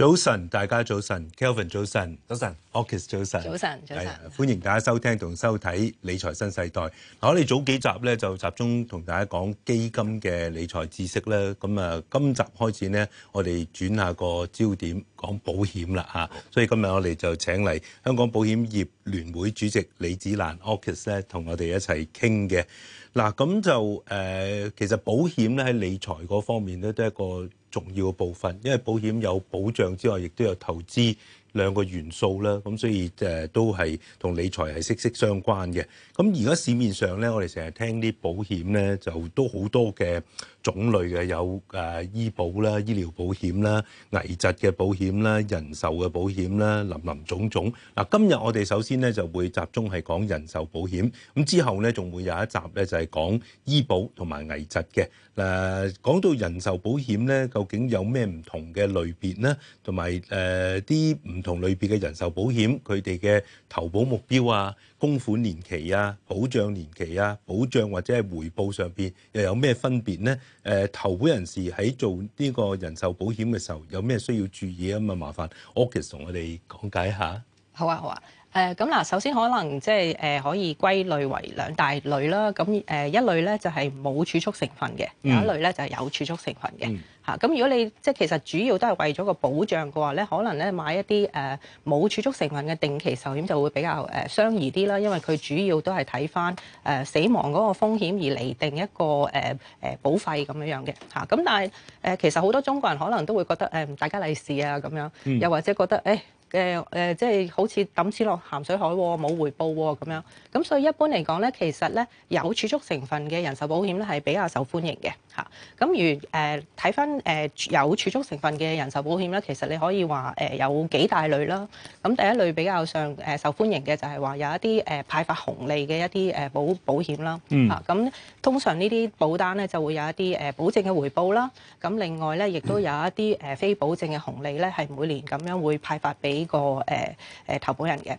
早晨，大家早晨，Kelvin 早晨，早晨 Orchis, 早晨, S, 早晨 早晨，早晨，早晨、啊，歡迎大家收聽同收睇理財新世代。嗱，我哋的早幾集咧就集中同大家講基金嘅理財知識啦。咁啊，今集開始呢，我哋轉下個焦點講保險啦吓。所以今日我哋就請嚟香港保險業聯會主席李紫蘭 Orchis 咧，同我哋一齊傾嘅。嗱，咁就、呃、其實保險咧喺理財嗰方面咧，都係一個重要嘅部分，因為保險有保障之外，亦都有投資兩個元素啦。咁所以、呃、都係同理財係息息相關嘅。咁而家市面上咧，我哋成日聽啲保險咧，就都好多嘅。種類嘅有誒醫保啦、醫療保險啦、危疾嘅保險啦、人壽嘅保險啦，林林總總。嗱，今日我哋首先咧就會集中係講人壽保險，咁之後咧仲會有一集咧就係講醫保同埋危疾嘅。誒，講到人壽保險咧，究竟有咩唔同嘅類別呢？同埋誒啲唔同類別嘅人壽保險佢哋嘅投保目標啊、供款年期啊、保障年期啊、保障或者係回報上邊又有咩分別呢？誒投保人士喺做呢個人壽保險嘅時候，有咩需要注意啊？咁，麻煩 Oscar 同我哋講解一下。好啊，好啊。誒咁嗱，首先可能即係誒可以歸類為兩大類啦。咁誒一類咧就係冇儲蓄成分嘅，有一類咧就係有儲蓄成分嘅。嚇咁、mm. 如果你即係其實主要都係為咗個保障嘅話咧，可能咧買一啲誒冇儲蓄成分嘅定期壽險就會比較誒相宜啲啦。因為佢主要都係睇翻誒死亡嗰個風險而嚟定一個誒誒保費咁樣樣嘅。嚇咁但係誒其實好多中國人可能都會覺得誒大吉利是啊咁樣，又或者覺得誒。哎嘅誒、呃，即係好似抌錢落鹹水海，冇回報咁樣。咁所以一般嚟講咧，其實咧有儲蓄成分嘅人壽保險咧係比較受歡迎嘅嚇。咁如誒睇翻誒有儲蓄成分嘅人壽保險咧，其實你可以話誒、呃、有幾大類啦。咁第一類比較上誒、呃、受歡迎嘅就係話有一啲誒、呃、派發紅利嘅一啲誒保保險啦嚇。咁、mm. 啊、通常呢啲保單咧就會有一啲誒保證嘅回報啦。咁另外咧亦都有一啲誒非保證嘅紅利咧係每年咁樣會派發俾。呢、這個、呃、呃、投保人嘅。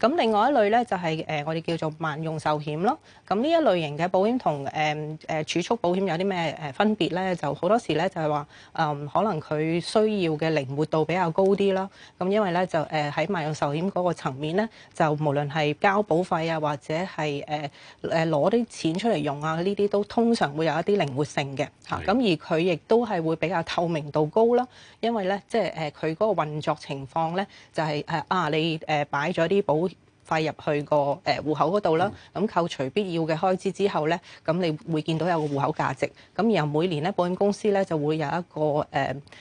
咁另外一類咧就係我哋叫做萬用壽險咯。咁呢一類型嘅保險同誒誒儲蓄保險有啲咩分別咧？就好多時咧就係話可能佢需要嘅靈活度比較高啲啦。咁因為咧就喺萬用壽險嗰個層面咧，就無論係交保費啊或者係攞啲錢出嚟用啊呢啲都通常會有一啲靈活性嘅嚇。咁的而佢亦都係會比較透明度高啦。因為咧即係佢嗰個運作情況咧就係、是、啊你擺咗。嗰啲保費入去個誒戶口嗰度啦，咁扣除必要嘅開支之後咧，咁你會見到有個戶口價值，咁然後每年咧保險公司咧就會有一個誒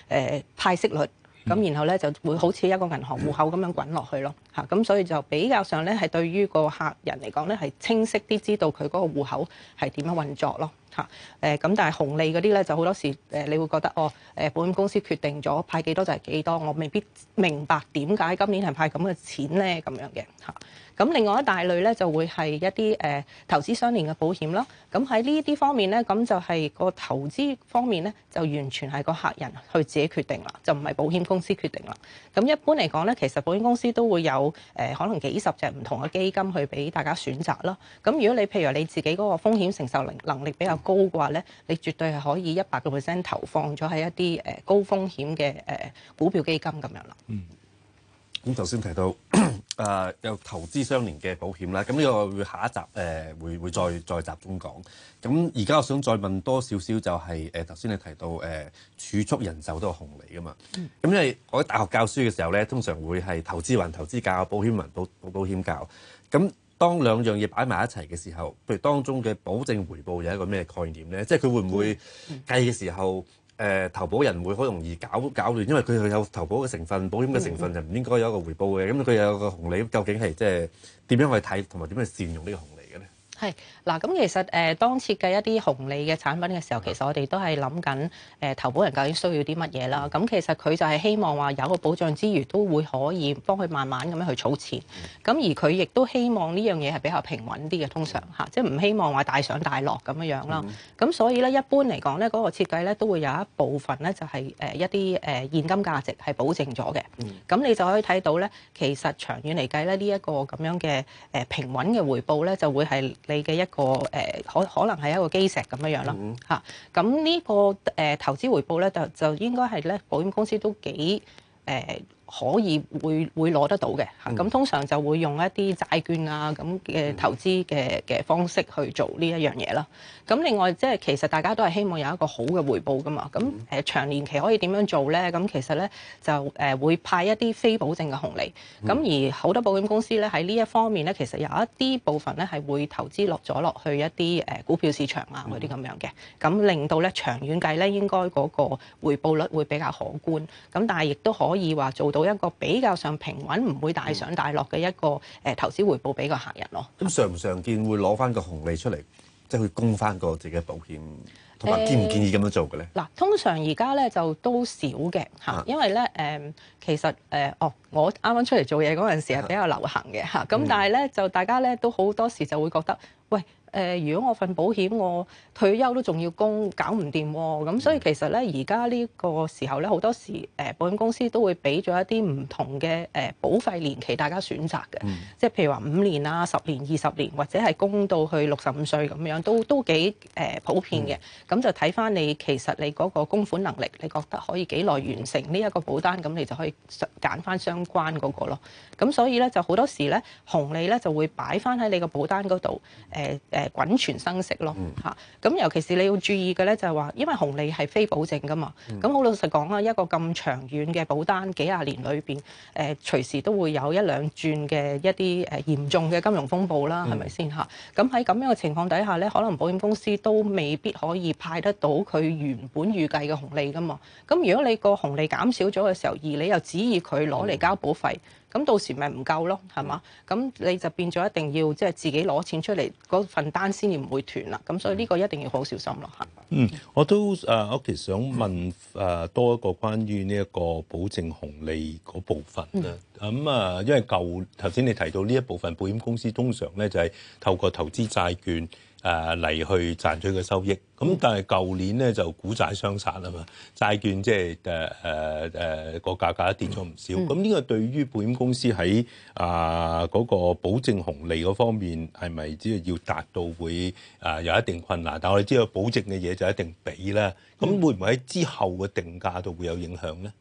誒派息率，咁然後咧就會好似一個銀行戶口咁樣滾落去咯，嚇咁所以就比較上咧係對於個客人嚟講咧係清晰啲知道佢嗰個戶口係點樣運作咯。嚇誒咁，但係紅利嗰啲咧就好多時誒，你會覺得哦誒，保險公司決定咗派幾多就係幾多，我未必明白點解今年係派咁嘅錢咧咁樣嘅嚇。咁、嗯、另外一大類咧就會係一啲誒、嗯、投資相連嘅保險啦。咁喺呢啲方面咧，咁就係個投資方面咧就完全係個客人去自己決定啦，就唔係保險公司決定啦。咁一般嚟講咧，其實保險公司都會有誒、呃、可能幾十隻唔同嘅基金去俾大家選擇啦。咁如果你譬如你自己嗰個風險承受能能力比較高，高嘅話咧，你絕對係可以一百個 percent 投放咗喺一啲誒高風險嘅誒股票基金咁樣啦。嗯，咁頭先提到誒有投資相連嘅保險啦，咁呢個會下一集誒會會再再集中講。咁而家我想再問多少少就係誒頭先你提到誒儲蓄人壽都係紅利㗎嘛？咁因為我喺大學教書嘅時候咧，通常會係投資還投資教，保險還保保保險教咁。當兩樣嘢擺埋一齊嘅時候，譬如當中嘅保證回報有一個咩概念呢？即係佢會唔會計嘅時候，誒、呃、投保人會好容易搞搞亂，因為佢係有投保嘅成分、保險嘅成分，就唔應該有一個回報嘅。咁佢有一個紅利，究竟係即係點樣去睇同埋點樣去善用呢個紅利？係嗱，咁其實誒當設計一啲紅利嘅產品嘅時候，其實我哋都係諗緊誒投保人究竟需要啲乜嘢啦。咁其實佢就係希望話有個保障之餘，都會可以幫佢慢慢咁樣去儲錢。咁、嗯、而佢亦都希望呢樣嘢係比較平穩啲嘅，通常嚇，嗯、即係唔希望話大上大落咁樣樣啦。咁、嗯、所以咧，一般嚟講咧，嗰、嗰個設計咧都會有一部分咧就係誒一啲誒現金價值係保證咗嘅。咁、嗯、你就可以睇到咧，其實長遠嚟計咧呢一個咁樣嘅誒平穩嘅回報咧就會係。你嘅一個誒，可可能係一個基石咁樣、嗯、樣咯吓，咁呢個誒投資回報咧，就就應該係咧保險公司都幾誒。呃可以會會攞得到嘅，咁、嗯、通常就會用一啲債券啊咁嘅投資嘅嘅方式去做呢一樣嘢啦。咁、嗯、另外即係其實大家都係希望有一個好嘅回報噶嘛。咁誒、嗯、長年期可以點樣做咧？咁其實咧就誒會派一啲非保證嘅紅利。咁、嗯、而好多保險公司咧喺呢一方面咧，其實有一啲部分咧係會投資落咗落去一啲誒股票市場啊嗰啲咁樣嘅，咁令到咧長遠計咧應該嗰個回報率會比較可觀，咁但係亦都可以話做到。一個比較上平穩，唔會大上大落嘅一個誒投資回報俾個客人咯。咁、嗯、常唔常見會攞翻個紅利出嚟，即係去供翻個自己嘅保險？同埋、呃、建唔建議咁樣做嘅咧？嗱，通常而家咧就都少嘅吓，啊、因為咧誒、呃，其實誒、呃，哦，我啱啱出嚟做嘢嗰陣時係比較流行嘅吓，咁但係咧就大家咧都好多時就會覺得喂。誒，如果我份保險我退休都仲要供，搞唔掂喎，咁所以其實咧，而家呢個時候咧，好多時誒保險公司都會俾咗一啲唔同嘅誒保費年期，大家選擇嘅，即係、嗯、譬如話五年啊、十年、二十年，年，或者係供到去六十五歲咁樣，都都幾誒普遍嘅。咁、嗯、就睇翻你其實你嗰個供款能力，你覺得可以幾耐完成呢一個保單，咁你就可以揀翻相關嗰個咯。咁所以咧就好多時咧，紅利咧就會擺翻喺你個保單嗰度，誒、呃、誒，滾存生息咯，嚇、嗯！咁尤其是你要注意嘅咧，就係話，因為紅利係非保證噶嘛，咁好、嗯、老實講啊，一個咁長遠嘅保單，幾廿年裏邊，誒隨時都會有一兩轉嘅一啲誒嚴重嘅金融風暴啦，係咪先嚇？咁喺咁樣嘅情況底下咧，可能保險公司都未必可以派得到佢原本預計嘅紅利噶嘛。咁如果你個紅利減少咗嘅時候，而你又指意佢攞嚟交保費。嗯。咁到時咪唔夠咯，係嘛？咁你就變咗一定要即係自己攞錢出嚟嗰份單先至唔會斷啦。咁所以呢個一定要好小心咯，係。嗯。嗯，我都誒，我其實想問誒多一個關於呢一個保證紅利嗰部分咧。咁啊，因為舊頭先你提到呢一部分保險公司通常咧就係透過投資債券。誒嚟去賺取嘅收益，咁但係舊年咧就股債相殺啊嘛，債券即係誒誒誒個價格跌咗唔少，咁呢、嗯、個對於保險公司喺啊嗰個保證紅利嗰方面係咪只係要達到會啊有一定困難？但係我哋知道保證嘅嘢就一定俾啦，咁會唔會喺之後嘅定價度會有影響咧？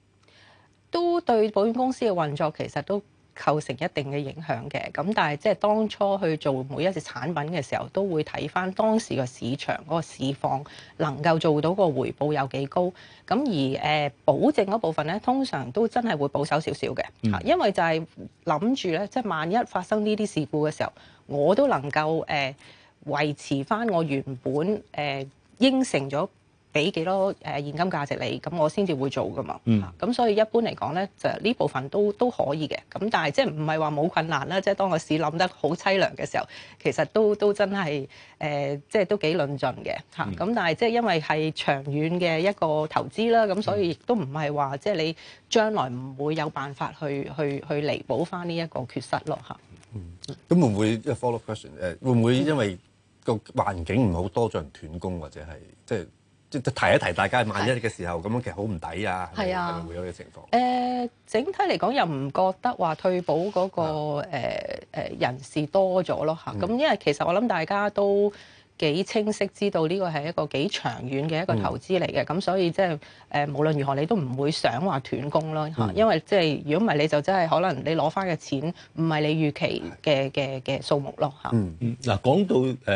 都對保險公司嘅運作其實都。構成一定嘅影響嘅，咁，但係即係當初去做每一隻產品嘅時候，都會睇返當時個市場嗰、那個市況能夠做到個回報有幾高，咁，而誒保證嗰部分呢，通常都真係會保守少少嘅，嗯、因為就係諗住呢，即、就、係、是、萬一發生呢啲事故嘅時候，我都能夠誒、呃、維持返我原本誒、呃、應承咗。俾幾多誒現金價值你，咁我先至會做噶嘛。咁、嗯、所以一般嚟講咧，就呢部分都都可以嘅。咁但係即係唔係話冇困難啦，即、就、係、是、當個市諗得好凄涼嘅時候，其實都都真係誒，即、呃、係、就是、都幾論盡嘅嚇。咁、嗯、但係即係因為係長遠嘅一個投資啦，咁所以亦都唔係話即係你將來唔會有辦法去、嗯、去去彌補翻呢一個缺失咯嚇。嗯，咁、嗯、會唔會一個 follow question、uh, 會唔會因為個環境唔好多咗人斷供，或者係即係？即提一提大家，萬一嘅時候咁樣其實好唔抵啊，啊係係會有嘅情況誒、呃，整體嚟講又唔覺得話退保嗰、嗰個、啊呃、人事多咗咯吓咁因為其實我諗大家都。幾清晰知道呢個係一個幾長遠嘅一個投資嚟嘅，咁、嗯、所以即係誒，無論如何你都唔會想話斷供咯嚇，嗯、因為即係如果唔係你就真係可能你攞翻嘅錢唔係你預期嘅嘅嘅數目咯嚇、嗯。嗯，嗱講到誒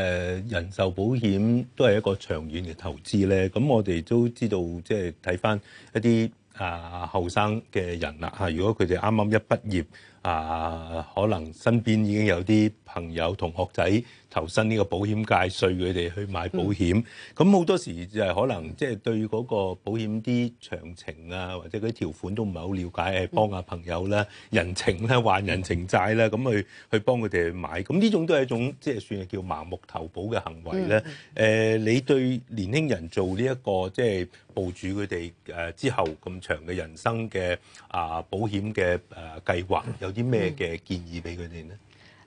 人壽保險都係一個長遠嘅投資咧，咁我哋都知道即係睇翻一啲啊後生嘅人啦嚇，如果佢哋啱啱一畢業。啊，可能身邊已經有啲朋友同學仔投身呢個保險界，說佢哋去買保險。咁好、嗯、多時就可能即係、就是、對嗰個保險啲詳情啊，或者嗰啲條款都唔係好了解，幫下朋友啦，嗯、人情啦，還人情債啦，咁、嗯、去去幫佢哋去買。咁呢種都係一種即係、就是、算係叫盲目投保嘅行為咧。誒、嗯啊，你對年輕人做呢、這、一個即係部署佢哋誒之後咁長嘅人生嘅啊保險嘅誒計劃有啲咩嘅建議俾佢哋咧？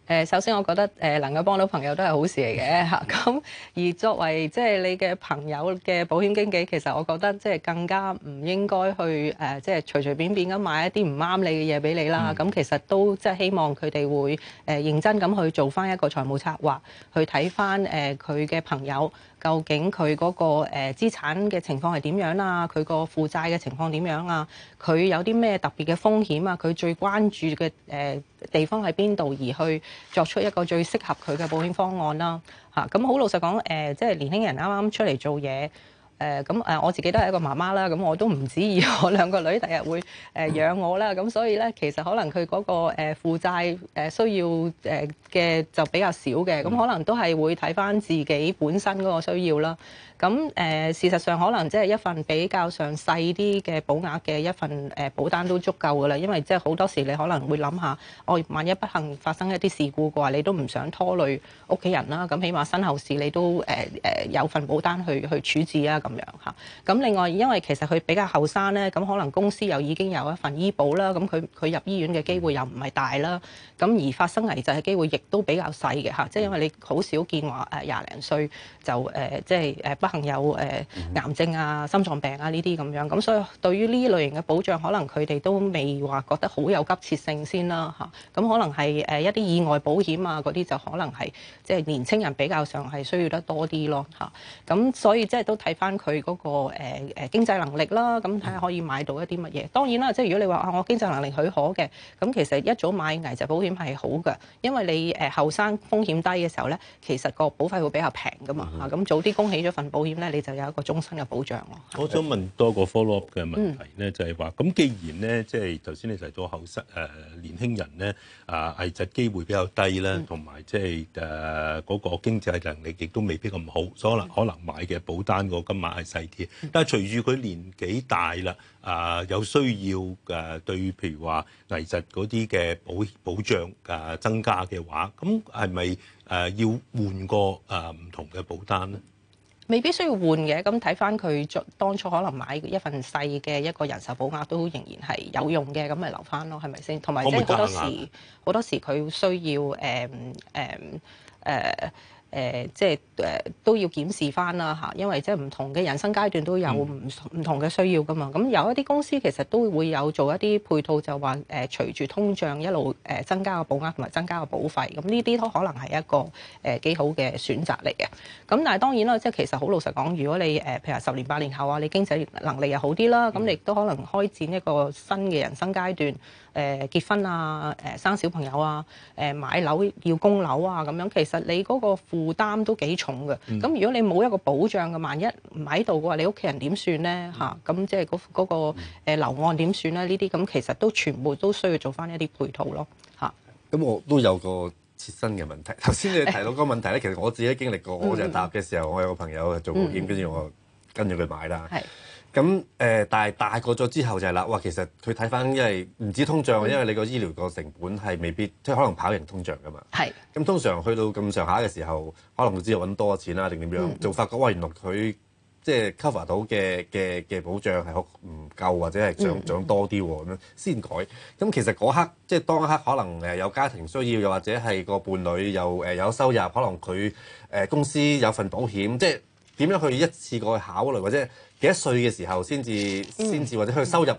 誒，首先我覺得誒能夠幫到朋友都係好事嚟嘅吓。咁而作為即係你嘅朋友嘅保險經紀，其實我覺得即係更加唔應該去誒，即係隨隨便便咁買一啲唔啱你嘅嘢俾你啦。咁、嗯、其實都即係希望佢哋會誒認真咁去做翻一個財務策劃，去睇翻誒佢嘅朋友究竟佢嗰個誒資產嘅情況係點樣啊？佢個負債嘅情況點樣啊？佢有啲咩特別嘅風險啊？佢最關注嘅誒地方係邊度而去？作出一個最適合佢嘅保險方案啦，嚇咁好老實講，誒、呃、即係年輕人啱啱出嚟做嘢，誒咁誒我自己都係一個媽媽啦，咁我都唔指意我兩個女第日，日會誒養我啦，咁所以咧其實可能佢嗰、嗰個誒、呃、負債需要誒嘅就比較少嘅，咁可能都係會睇返自己本身嗰個需要啦。咁、呃、事實上可能即係一份比較上細啲嘅保額嘅一份保單都足夠㗎啦，因為即係好多時你可能會諗下，哦，萬一不幸發生一啲事故嘅話，你都唔想拖累屋企人啦。咁起碼身後事你都、呃呃、有份保單去去處置啊咁樣嚇。咁另外因為其實佢比較後生咧，咁可能公司又已經有一份醫保啦，咁佢佢入醫院嘅機會又唔係大啦，咁、啊、而發生危疾嘅機會亦都比較細嘅嚇。即係因為你好少見話誒廿零歲就誒即係誒朋友誒癌症啊、心臟病啊呢啲咁樣，咁所以對於呢類型嘅保障，可能佢哋都未話覺得好有急切性先啦嚇。咁可能係誒一啲意外保險啊嗰啲，就可能係即係年青人比較上係需要得多啲咯嚇。咁所以即係都睇翻佢嗰個誒誒、呃、經濟能力啦，咁睇下可以買到一啲乜嘢。當然啦，即係如果你話啊，我經濟能力許可嘅，咁其實一早買危疾保險係好嘅，因為你誒後生風險低嘅時候咧，其實個保費會比較平噶嘛嚇。咁早啲供起咗份保保險咧，你就有一個終身嘅保障咯。我想問多個 follow-up 嘅問題咧、嗯，就係話咁，既然咧，即係頭先你提到後生誒年輕人咧，啊危疾機會比較低啦，同埋即係誒嗰個經濟能力亦都未必咁好，嗯、所以可能可能買嘅保單個金額係細啲。嗯、但係隨住佢年紀大啦，啊有需要誒對，譬如話危疾嗰啲嘅保保障誒增加嘅話，咁係咪誒要換個誒唔同嘅保單咧？未必需要換嘅，咁睇翻佢做當初可能買一份細嘅一個人壽保額都仍然係有用嘅，咁咪留翻咯，係咪先？同埋即係好多時，好多時佢硬需要誒誒誒。嗯嗯嗯誒即係誒都要檢視翻啦嚇，因為即係唔同嘅人生階段都有唔唔同嘅需要噶嘛。咁、嗯、有一啲公司其實都會有做一啲配套，就話誒隨住通脹一路誒增加個保額同埋增加個保費。咁呢啲都可能係一個誒幾好嘅選擇嚟嘅。咁但係當然啦，即係其實好老實講，如果你誒譬如十年八年後啊，你經濟能力又好啲啦，咁、嗯、你亦都可能開展一個新嘅人生階段。誒結婚啊，誒生小朋友啊，誒買樓要供樓啊，咁樣其實你嗰個負擔都幾重嘅。咁、嗯、如果你冇一個保障嘅，萬一唔喺度嘅話，你屋企人點算咧？嚇、嗯，咁即係嗰嗰個誒樓按點算咧？那個、呢啲咁其實都全部都需要做返一啲配套咯。嚇，咁我都有個切身嘅問題。頭先你提到嗰個問題咧，唉其實我自己經歷過，唉我就答嘅時候，我有個朋友做保險，跟住唉我跟住佢買啦。咁誒、呃，但係大個咗之後就係、是、啦，哇！其實佢睇返，因為唔止通脹，嗯、因為你個醫療個成本係未必，即係可能跑贏通脹㗎嘛。係是。咁通常去到咁上下嘅時候，可能佢知道揾多錢啦，定點樣做法。嗯、發覺哇！原來佢即係 cover 到嘅嘅嘅保障係唔夠，或者係漲、嗯、漲多啲喎咁樣先改。咁其實嗰刻即係當刻，可能誒有家庭需要，又或者係個伴侶又誒、呃、有收入，可能佢誒、呃、公司有份保險，即係。點樣去一次過去考慮，或者幾多歲嘅時候先至先至，嗯、或者佢收入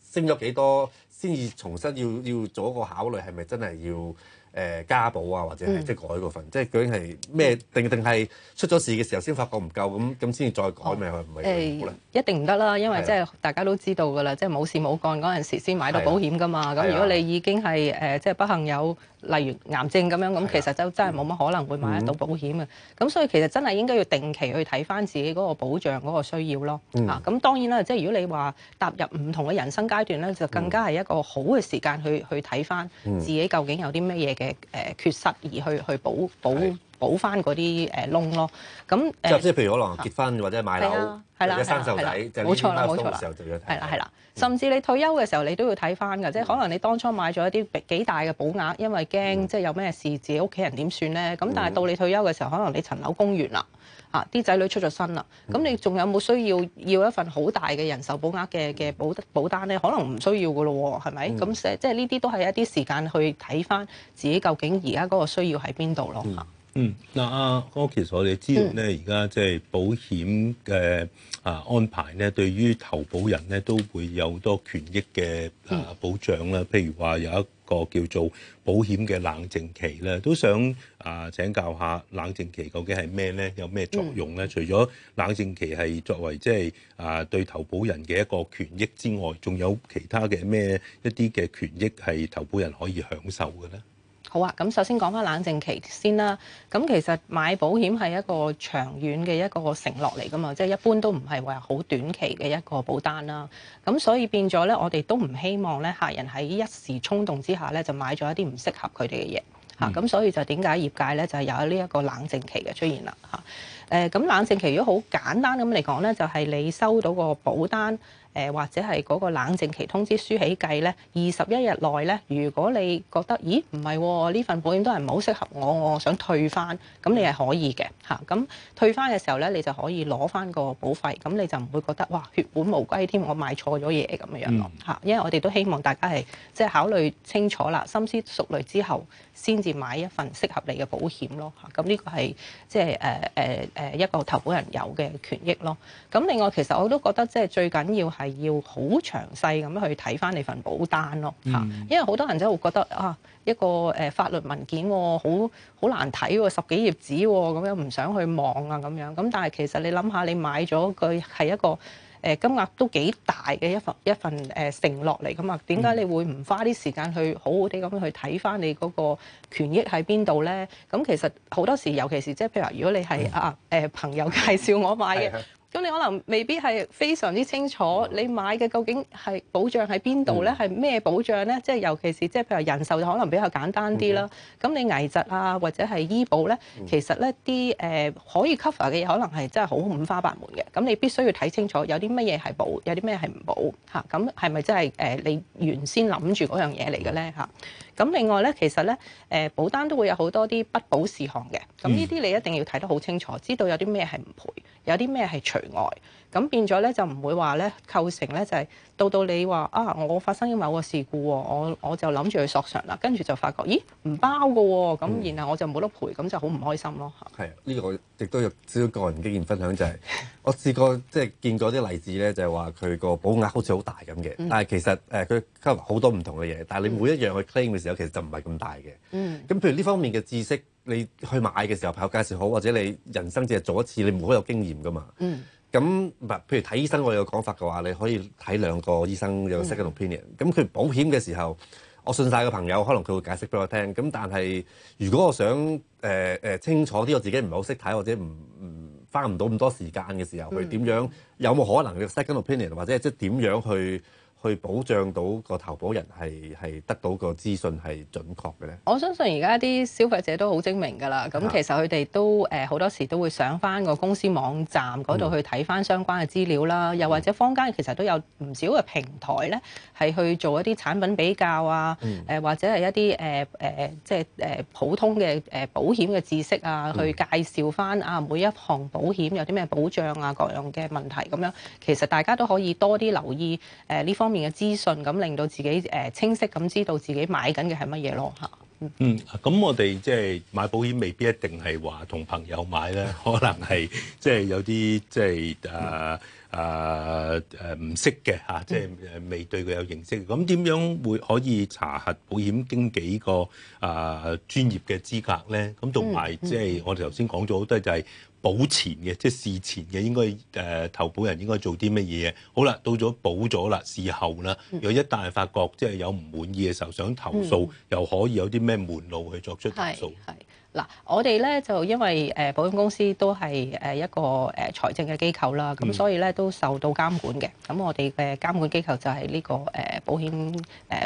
升咗幾多，先至重新要要做一個考慮，係咪真係要誒、呃、加保啊，或者係即係改嗰份，即係究竟係咩？定定係出咗事嘅時候先發覺唔夠，咁咁先至再改咪？誒、哦欸、一定唔得啦，因為即係大家都知道㗎喇，即係冇事冇幹嗰陣時先買到保險㗎嘛。咁的如果你已經係誒即係不幸有。例如癌症咁樣，咁其實就真係冇乜可能會買得到保險嘅。咁、嗯、所以其實真係應該要定期去睇翻自己嗰個保障嗰個需要咯。嚇、嗯，咁當然啦，即係如果你話踏入唔同嘅人生階段咧，就更加係一個好嘅時間去去睇翻自己究竟有啲咩嘢嘅誒缺失，而去去保保，補翻嗰啲誒窿咯，咁誒即係譬如可能結婚或者買樓或者生細路仔，就你交租嘅時候就要睇。係啦係啦，甚至你退休嘅時候，你都要睇翻嘅，即係可能你當初買咗一啲幾大嘅保額，因為驚即係有咩事，自己屋企人點算咧？咁但係到你退休嘅時候，可能你層樓供完啦，嚇啲仔女出咗身啦，咁你仲有冇需要要一份好大嘅人壽保額嘅嘅保保單咧？可能唔需要噶咯，係咪咁？即係呢啲都係一啲時間去睇翻自己究竟而家嗰個需要喺邊度咯嚇。嗯，嗱、啊，阿，其實我哋知道咧，而家即係保險嘅啊安排咧，對於投保人咧都會有多權益嘅啊保障啦。嗯、譬如話有一個叫做保險嘅冷靜期咧，都想啊請教下冷靜期究竟係咩咧？有咩作用咧？嗯、除咗冷靜期係作為即係啊對投保人嘅一個權益之外，仲有其他嘅咩一啲嘅權益係投保人可以享受嘅咧？好啊，咁首先講翻冷靜期先啦。咁其實買保險係一個長遠嘅一個承諾嚟噶嘛，即係一般都唔係話好短期嘅一個保單啦。咁所以變咗咧，我哋都唔希望咧客人喺一時衝動之下咧就買咗一啲唔適合佢哋嘅嘢嚇。咁，嗯，啊，所以就點解業界咧就係有呢一個冷靜期嘅出現啦嚇？誒，啊，咁冷靜期如果好簡單咁嚟講咧，就係你收到個保單。或者係嗰個冷靜期通知書起計呢，二十一日內呢，如果你覺得咦唔係呢份保險都係唔好適合我，我想退翻，咁你係可以嘅嚇。咁退翻嘅時候呢，你就可以攞翻個保費，咁你就唔會覺得哇血本無歸添，我買錯咗嘢咁樣咯、嗯、因為我哋都希望大家係即係考慮清楚啦，深思熟慮之後先至買一份適合你嘅保險咯，咁呢個係即係、呃呃、一個投保人有嘅權益咯。咁另外其實我都覺得即係最緊要係。係 要好詳細咁去睇翻你份保單咯嚇，因為好多人真會覺得啊一個誒法律文件，好好難睇喎，十幾頁紙咁樣唔想去望啊咁樣。咁但係其實你諗下，你買咗佢係一個誒金額都幾大嘅一份一份誒承諾嚟噶嘛？點解你會唔花啲時間去好好哋咁去睇翻你嗰個權益喺邊度咧？咁其實好多時，尤其是即係譬如話，如果你係啊誒朋友介紹我買嘅。咁你可能未必係非常之清楚，你買嘅究竟係保障喺邊度咧？係咩、嗯、保障咧？即係尤其是即係譬如人壽就可能比較簡單啲啦。咁、嗯、你危疾啊，或者係醫保咧，嗯、其實咧啲誒可以 cover 嘅嘢，可能係真係好五花八門嘅。咁你必須要睇清楚，有啲乜嘢係保，有啲咩係唔保嚇。咁係咪真係誒你原先諗住嗰樣嘢嚟嘅咧嚇？咁另外咧，其實咧誒保單都會有好多啲不保事項嘅。咁呢啲你一定要睇得好清楚，知道有啲咩係唔賠，有啲咩係除外咁變咗咧，就唔會話咧構成咧，就係到到你話啊，我發生咗某個事故、哦，我我就諗住去索償啦，跟住就發覺咦唔包嘅，咁然後我就冇得賠，咁就好唔開心咯。係啊，呢個我亦都有少少個人經驗分享，就係我試過即係見過啲例子咧，就係話佢個保額好似好大咁嘅，但係其實誒佢好多唔同嘅嘢，但係你每一樣去 claim 嘅時候，其實就唔係咁大嘅。嗯。咁譬如呢方面嘅知識。你去買嘅時候，朋友介紹好，或者你人生只係做一次，你唔會好有經驗噶嘛？嗯，咁唔係，譬如睇醫生，我有講法嘅話，你可以睇兩個醫生有 second opinion，嗯。咁佢保險嘅時候，我信晒個朋友，可能佢會解釋俾我聽。咁但係如果我想誒誒、呃呃、清楚啲，我自己唔係好識睇，或者唔唔花唔到咁多時間嘅時候，佢點樣有冇可能有 second opinion，或者即係點樣去？去保障到個投保人係係得到個資訊係準確嘅咧。我相信而家啲消費者都好精明㗎啦。咁、啊、其實他們，佢哋都誒好多時都會上翻個公司網站嗰度去睇翻相關嘅資料啦。嗯、又或者坊間其實都有唔少嘅平台咧，係去做一啲產品比較啊。誒、嗯、或者係一啲誒誒即係誒普通嘅誒保險嘅知識啊，去介紹翻啊每一項保險有啲咩保障啊各樣嘅問題，咁樣其實大家都可以多啲留意誒呢、呃、方面。嘅資訊，咁令到自己誒清晰咁知道自己買緊嘅係乜嘢咯吓。嗯，咁我哋即係買保險未必一定係話同朋友買咧，可能係即係有啲即係誒誒誒唔識嘅吓，即係誒未對佢有認識。咁點、嗯、樣會可以查核保險經紀、個誒、啊、專業嘅資格咧？咁同埋即係我哋頭先講咗好多就係、是。保前嘅，即係事前嘅，應該誒、呃、投保人應該做啲乜嘢？好啦，到咗保咗啦，事後啦，又、嗯、一旦發覺即係有唔滿意嘅時候，想投訴、嗯、又可以有啲咩門路去作出投訴。係嗱，我哋咧就因為誒保險公司都係誒一個誒財政嘅機構啦，咁所以咧都受到監管嘅。咁、嗯、我哋嘅監管機構就係呢個誒保險誒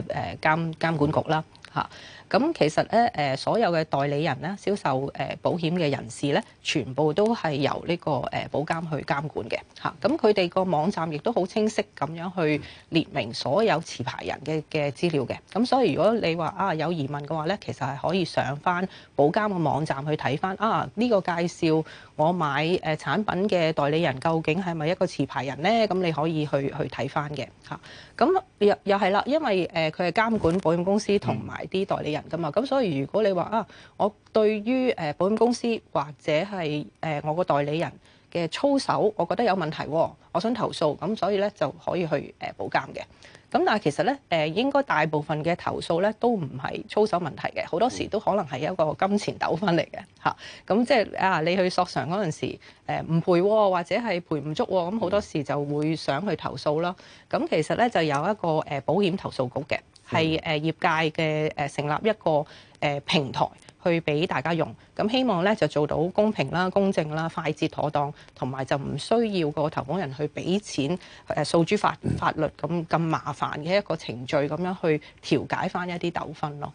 誒監監管局啦。嗯嚇，咁、啊、其實咧，誒所有嘅代理人咧、銷售誒保險嘅人士咧，全部都係由呢個誒保監去監管嘅。嚇、啊，咁佢哋個網站亦都好清晰咁樣去列明所有持牌人嘅嘅資料嘅。咁、啊、所以如果你話啊有疑問嘅話咧，其實係可以上翻保監嘅網站去睇翻啊呢、呢個介紹。我買誒產品嘅代理人究竟係咪一個持牌人呢？咁你可以去去睇翻嘅嚇。咁又又係啦，因為誒佢係監管保險公司同埋啲代理人噶嘛。咁、嗯、所以如果你話啊，我對於誒保險公司或者係誒我個代理人嘅操守，我覺得有問題，我想投訴，咁所以咧就可以去誒保監嘅。咁但係其實咧，誒應該大部分嘅投訴咧都唔係操守問題嘅，好多時都可能係一個金錢糾紛嚟嘅嚇。咁即係啊，你去索償嗰陣時，誒唔賠或者係賠唔足，咁好多時就會上去投訴啦。咁其實咧就有一個誒保險投訴局嘅，係誒業界嘅誒成立一個誒平台。去俾大家用，咁希望咧就做到公平啦、公正啦、快捷妥當，同埋就唔需要個投保人去俾錢誒訴、啊、諸法法律咁咁麻煩嘅一個程序咁樣去調解翻一啲糾紛咯。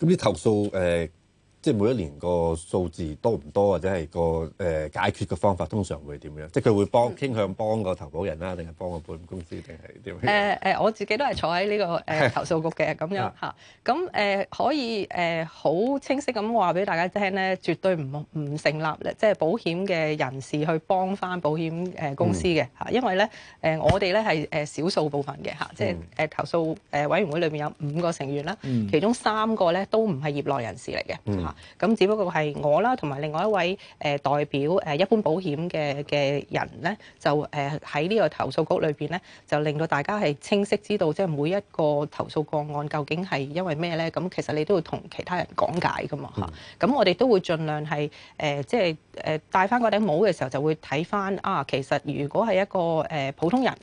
咁啲、嗯、投訴誒。呃即係每一年個數字多唔多，或者係個誒解決嘅方法通常會點樣？即係佢會幫傾向幫個投保人啦，定係幫個保險公司定係點？誒誒，我自己都係坐喺呢個誒投訴局嘅咁樣嚇。咁誒可以誒好清晰咁話俾大家聽咧，絕對唔唔成立咧，即係保險嘅人士去幫翻保險誒公司嘅嚇。因為咧誒我哋咧係誒少數部分嘅嚇，即係誒投訴誒委員會裏面有五個成員啦，其中三個咧都唔係業內人士嚟嘅。咁只不過係我啦，同埋另外一位誒代表誒一般保險嘅嘅人咧，就誒喺呢個投訴局裏邊咧，就令到大家係清晰知道，即係每一個投訴個案究竟係因為咩咧？咁其實你都要同其他人講解㗎嘛嚇。咁、嗯、我哋都會盡量係誒即係誒戴翻嗰頂帽嘅時候，就會睇翻啊。其實如果係一個誒普通人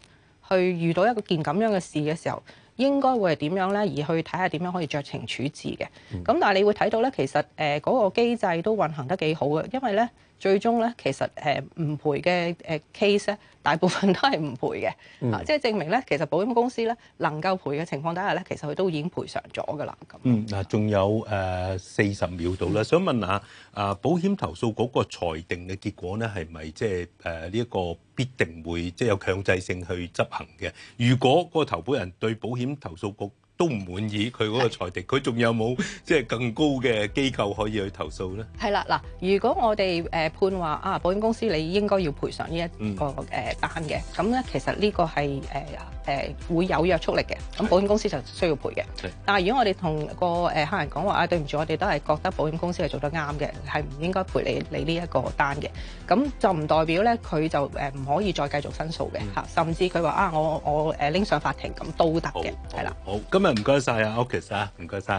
去遇到一個件咁樣嘅事嘅時候。應該會係點樣咧？而去睇下點樣可以酌情處置嘅。咁、嗯、但係你會睇到咧，其實誒嗰個機制都運行得幾好嘅，因為咧。最終咧，其實誒唔賠嘅誒 case 咧，大部分都係唔賠嘅啊，即係證明咧，其實保險公司咧能夠賠嘅情況底下咧，其實佢都已經賠償咗㗎啦。咁嗯嗱，仲有誒四十秒到啦，想問下啊，保險投訴局嗰個裁定嘅結果咧，係咪即係誒呢一個必定會即係有強制性去執行嘅？如果個投保人對保險投訴局都唔滿意佢嗰個裁定，佢仲是有冇即係更高嘅機構可以去投訴咧？係啦，嗱，如果我哋誒判話啊，保險公司你應該要賠償呢一個誒單嘅，咁咧、嗯、其實呢個係誒。呃誒會有約束力嘅，咁保險公司就需要賠嘅。的但係如果我哋同個誒客人講話啊，對唔住，我哋都係覺得保險公司係做得啱嘅，係唔應該賠你你呢一個單嘅。咁就唔代表咧，佢就誒唔可以再繼續申訴嘅嚇，嗯、甚至佢話啊，我我誒拎上法庭咁都得嘅，係啦。好，今日唔該晒啊，OK 啊，唔該晒。